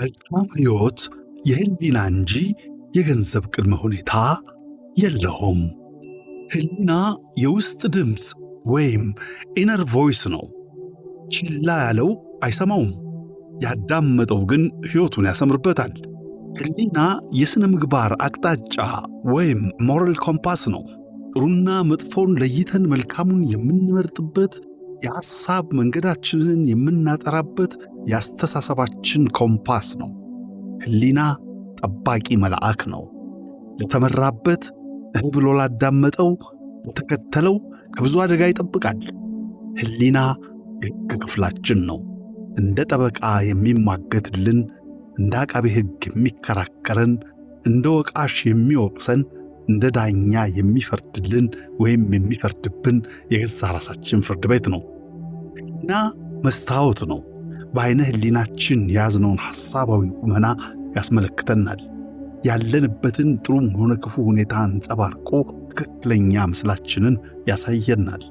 መልካም ሕይወት የህሊና እንጂ የገንዘብ ቅድመ ሁኔታ የለውም። ህሊና የውስጥ ድምፅ ወይም ኢነር ቮይስ ነው። ችላ ያለው አይሰማውም፣ ያዳመጠው ግን ሕይወቱን ያሰምርበታል። ህሊና የሥነ ምግባር አቅጣጫ ወይም ሞራል ኮምፓስ ነው። ጥሩና መጥፎን ለይተን መልካሙን የምንመርጥበት የሐሳብ መንገዳችንን የምናጠራበት የአስተሳሰባችን ኮምፓስ ነው። ሕሊና ጠባቂ መልአክ ነው። ለተመራበት እህ ብሎ ላዳመጠው፣ ለተከተለው ከብዙ አደጋ ይጠብቃል። ሕሊና የሕግ ክፍላችን ነው። እንደ ጠበቃ የሚሟገትልን፣ እንደ አቃቤ ሕግ የሚከራከረን፣ እንደ ወቃሽ የሚወቅሰን እንደ ዳኛ የሚፈርድልን ወይም የሚፈርድብን የገዛ ራሳችን ፍርድ ቤት ነው። ህሊና መስታወት ነው። በአይነ ህሊናችን የያዝነውን ሐሳባዊ ቁመና ያስመለክተናል። ያለንበትን ጥሩም ሆነ ክፉ ሁኔታ አንጸባርቆ ትክክለኛ ምስላችንን ያሳየናል።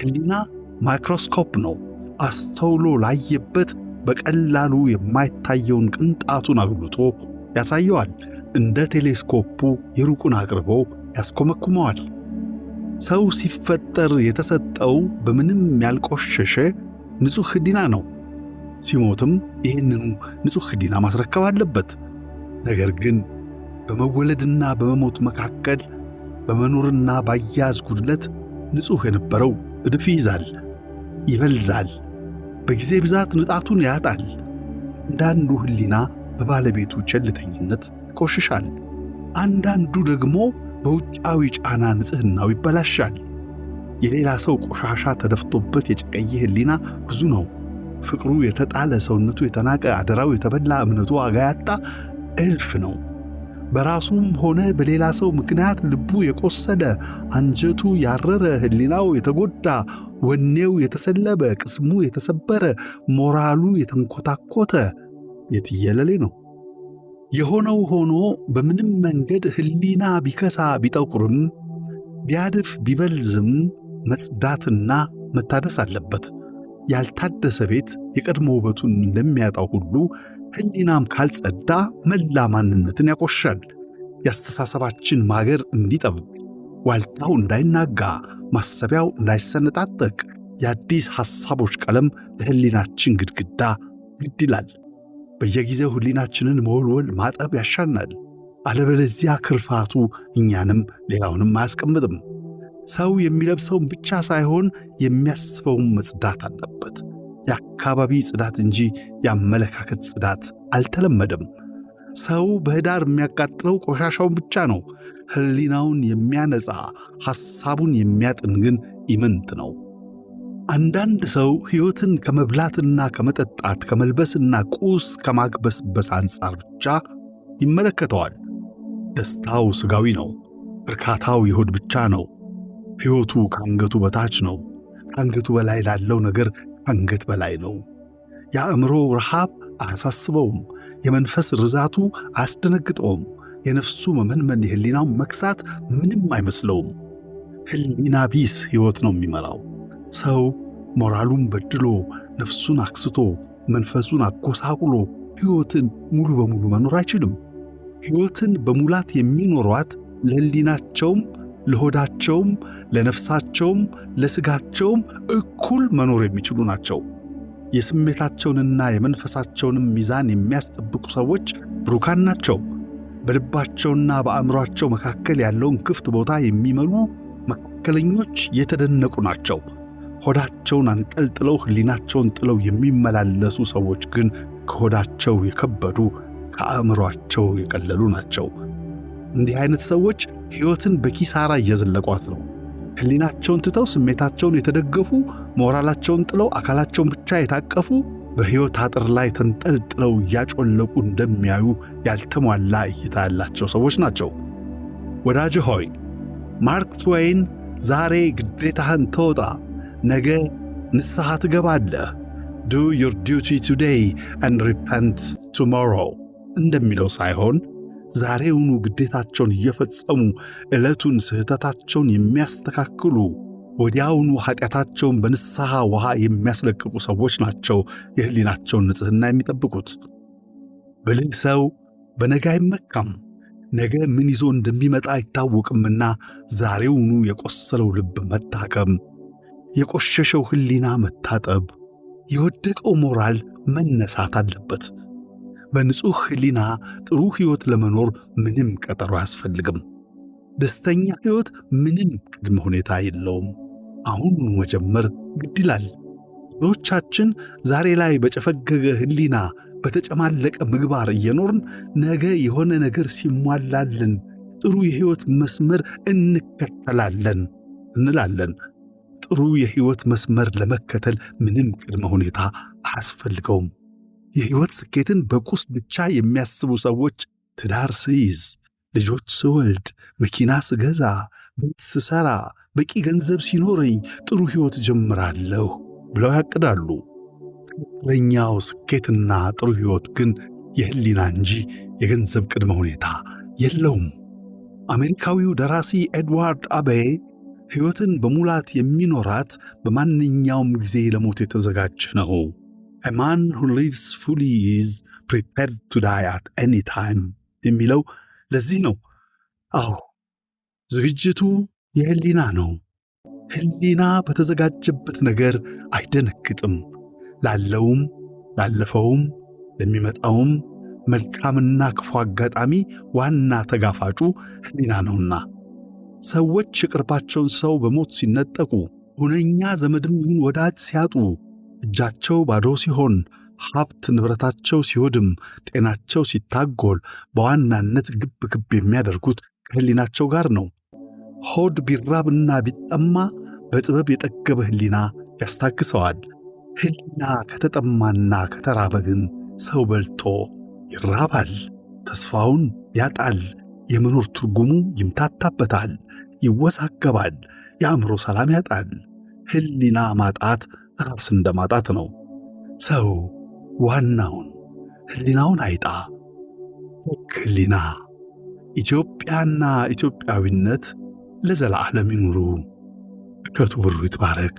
ህሊና ማይክሮስኮፕ ነው። አስተውሎ ላየበት በቀላሉ የማይታየውን ቅንጣቱን አግሉቶ ያሳየዋል። እንደ ቴሌስኮፑ የሩቁን አቅርቦ ያስኮመኩመዋል። ሰው ሲፈጠር የተሰጠው በምንም ያልቆሸሸ ንጹሕ ሕሊና ነው። ሲሞትም ይህንኑ ንጹሕ ሕሊና ማስረከብ አለበት። ነገር ግን በመወለድና በመሞት መካከል በመኖርና ባያዝ ጉድለት ንጹሕ የነበረው እድፍ ይይዛል፣ ይበልዛል፣ በጊዜ ብዛት ንጣቱን ያጣል። እንዳንዱ ሕሊና በባለቤቱ ቸልተኝነት ይቆሽሻል። አንዳንዱ ደግሞ በውጫዊ ጫና ንጽህናው ይበላሻል። የሌላ ሰው ቆሻሻ ተደፍቶበት የጨቀየ ህሊና ብዙ ነው። ፍቅሩ የተጣለ፣ ሰውነቱ የተናቀ፣ አደራው የተበላ፣ እምነቱ ዋጋ ያጣ እልፍ ነው። በራሱም ሆነ በሌላ ሰው ምክንያት ልቡ የቆሰለ፣ አንጀቱ ያረረ፣ ህሊናው የተጎዳ፣ ወኔው የተሰለበ፣ ቅስሙ የተሰበረ፣ ሞራሉ የተንኮታኮተ የትየለሌ ነው። የሆነው ሆኖ በምንም መንገድ ሕሊና ቢከሳ ቢጠቁርም ቢያድፍ ቢበልዝም መጽዳትና መታደስ አለበት። ያልታደሰ ቤት የቀድሞ ውበቱን እንደሚያጣው ሁሉ ሕሊናም ካልጸዳ መላ ማንነትን ያቆሻል። የአስተሳሰባችን ማገር እንዲጠብብ ዋልታው እንዳይናጋ፣ ማሰቢያው እንዳይሰነጣጠቅ የአዲስ ሐሳቦች ቀለም ለሕሊናችን ግድግዳ ግድ ይላል። በየጊዜው ህሊናችንን መወልወል ማጠብ ያሻናል። አለበለዚያ ክርፋቱ እኛንም ሌላውንም አያስቀምጥም። ሰው የሚለብሰውን ብቻ ሳይሆን የሚያስበውን መጽዳት አለበት። የአካባቢ ጽዳት እንጂ የአመለካከት ጽዳት አልተለመደም። ሰው በህዳር የሚያቃጥለው ቆሻሻውን ብቻ ነው። ህሊናውን የሚያነጻ ሐሳቡን የሚያጥን ግን ኢምንት ነው። አንዳንድ ሰው ሕይወትን ከመብላትና ከመጠጣት ከመልበስና ቁስ ከማግበስበስ አንጻር ብቻ ይመለከተዋል። ደስታው ሥጋዊ ነው። እርካታው የሆድ ብቻ ነው። ሕይወቱ ከአንገቱ በታች ነው። ከአንገቱ በላይ ላለው ነገር አንገት በላይ ነው። የአእምሮ ረሃብ አያሳስበውም። የመንፈስ ርዛቱ አያስደነግጠውም። የነፍሱ መመንመን፣ የህሊናው መክሳት ምንም አይመስለውም። ህሊና ቢስ ሕይወት ነው የሚመራው። ሰው ሞራሉን በድሎ ነፍሱን አክስቶ መንፈሱን አጎሳቁሎ ሕይወትን ሙሉ በሙሉ መኖር አይችልም። ሕይወትን በሙላት የሚኖሯት ለሕሊናቸውም ለሆዳቸውም ለነፍሳቸውም ለስጋቸውም እኩል መኖር የሚችሉ ናቸው። የስሜታቸውንና የመንፈሳቸውንም ሚዛን የሚያስጠብቁ ሰዎች ብሩካን ናቸው። በልባቸውና በአእምሯቸው መካከል ያለውን ክፍት ቦታ የሚመሉ መካከለኞች የተደነቁ ናቸው። ሆዳቸውን አንጠልጥለው ሕሊናቸውን ጥለው የሚመላለሱ ሰዎች ግን ከሆዳቸው የከበዱ ከአእምሯቸው የቀለሉ ናቸው። እንዲህ አይነት ሰዎች ሕይወትን በኪሳራ እየዘለቋት ነው። ሕሊናቸውን ትተው ስሜታቸውን የተደገፉ፣ ሞራላቸውን ጥለው አካላቸውን ብቻ የታቀፉ፣ በሕይወት አጥር ላይ ተንጠልጥለው እያጮለቁ እንደሚያዩ ያልተሟላ እይታ ያላቸው ሰዎች ናቸው። ወዳጅ ሆይ ማርክ ትዌይን ዛሬ ግዴታህን ተወጣ ነገ ንስሐ ትገባለህ። ዱ ዩር ዲቲ ቱዴይ አንድ ሪፐንት ቱሞሮ እንደሚለው ሳይሆን ዛሬውኑ ግዴታቸውን እየፈጸሙ ዕለቱን ስህተታቸውን የሚያስተካክሉ ወዲያውኑ ኀጢአታቸውን በንስሐ ውሃ የሚያስለቅቁ ሰዎች ናቸው የሕሊናቸውን ንጽሕና የሚጠብቁት። ብልህ ሰው በነገ አይመካም። ነገ ምን ይዞ እንደሚመጣ አይታወቅምና ዛሬውኑ የቆሰለው ልብ መታከም የቆሸሸው ህሊና መታጠብ፣ የወደቀው ሞራል መነሳት አለበት። በንጹሕ ህሊና ጥሩ ሕይወት ለመኖር ምንም ቀጠሮ አያስፈልግም። ደስተኛ ሕይወት ምንም ቅድመ ሁኔታ የለውም። አሁኑ መጀመር ግድ ይላል። ብዙዎቻችን ዛሬ ላይ በጨፈገገ ህሊና በተጨማለቀ ምግባር እየኖርን ነገ የሆነ ነገር ሲሟላልን ጥሩ የሕይወት መስመር እንከተላለን እንላለን። ጥሩ የህይወት መስመር ለመከተል ምንም ቅድመ ሁኔታ አያስፈልገውም። የህይወት ስኬትን በቁስ ብቻ የሚያስቡ ሰዎች ትዳር ስይዝ፣ ልጆች ስወልድ፣ መኪና ስገዛ፣ ቤት ስሰራ፣ በቂ ገንዘብ ሲኖረኝ ጥሩ ህይወት ጀምራለሁ ብለው ያቅዳሉ። ትክክለኛው ስኬትና ጥሩ ህይወት ግን የህሊና እንጂ የገንዘብ ቅድመ ሁኔታ የለውም። አሜሪካዊው ደራሲ ኤድዋርድ አበይ ሕይወትን በሙላት የሚኖራት በማንኛውም ጊዜ ለሞት የተዘጋጀ ነው። a man who lives fully is prepared to die at any time የሚለው ለዚህ ነው። አዎ ዝግጅቱ የህሊና ነው። ህሊና በተዘጋጀበት ነገር አይደነግጥም። ላለውም ላለፈውም ለሚመጣውም መልካምና ክፉ አጋጣሚ ዋና ተጋፋጩ ህሊና ነውና። ሰዎች የቅርባቸውን ሰው በሞት ሲነጠቁ፣ ሁነኛ ዘመድም ይሁን ወዳጅ ሲያጡ፣ እጃቸው ባዶ ሲሆን፣ ሀብት ንብረታቸው ሲወድም፣ ጤናቸው ሲታጎል፣ በዋናነት ግብ ግብ የሚያደርጉት ከህሊናቸው ጋር ነው። ሆድ ቢራብና ቢጠማ በጥበብ የጠገበ ህሊና ያስታግሰዋል። ህሊና ከተጠማና ከተራበ ግን ሰው በልቶ ይራባል፣ ተስፋውን ያጣል፣ የመኖር ትርጉሙ ይምታታበታል፣ ይወሳገባል፣ የአእምሮ ሰላም ያጣል። ህሊና ማጣት ራስ እንደ ማጣት ነው። ሰው ዋናውን ህሊናውን አይጣ ህሊና ኢትዮጵያና ኢትዮጵያዊነት ለዘላዓለም ይኑሩ። እሸቱ ብሩ ይትባረክ።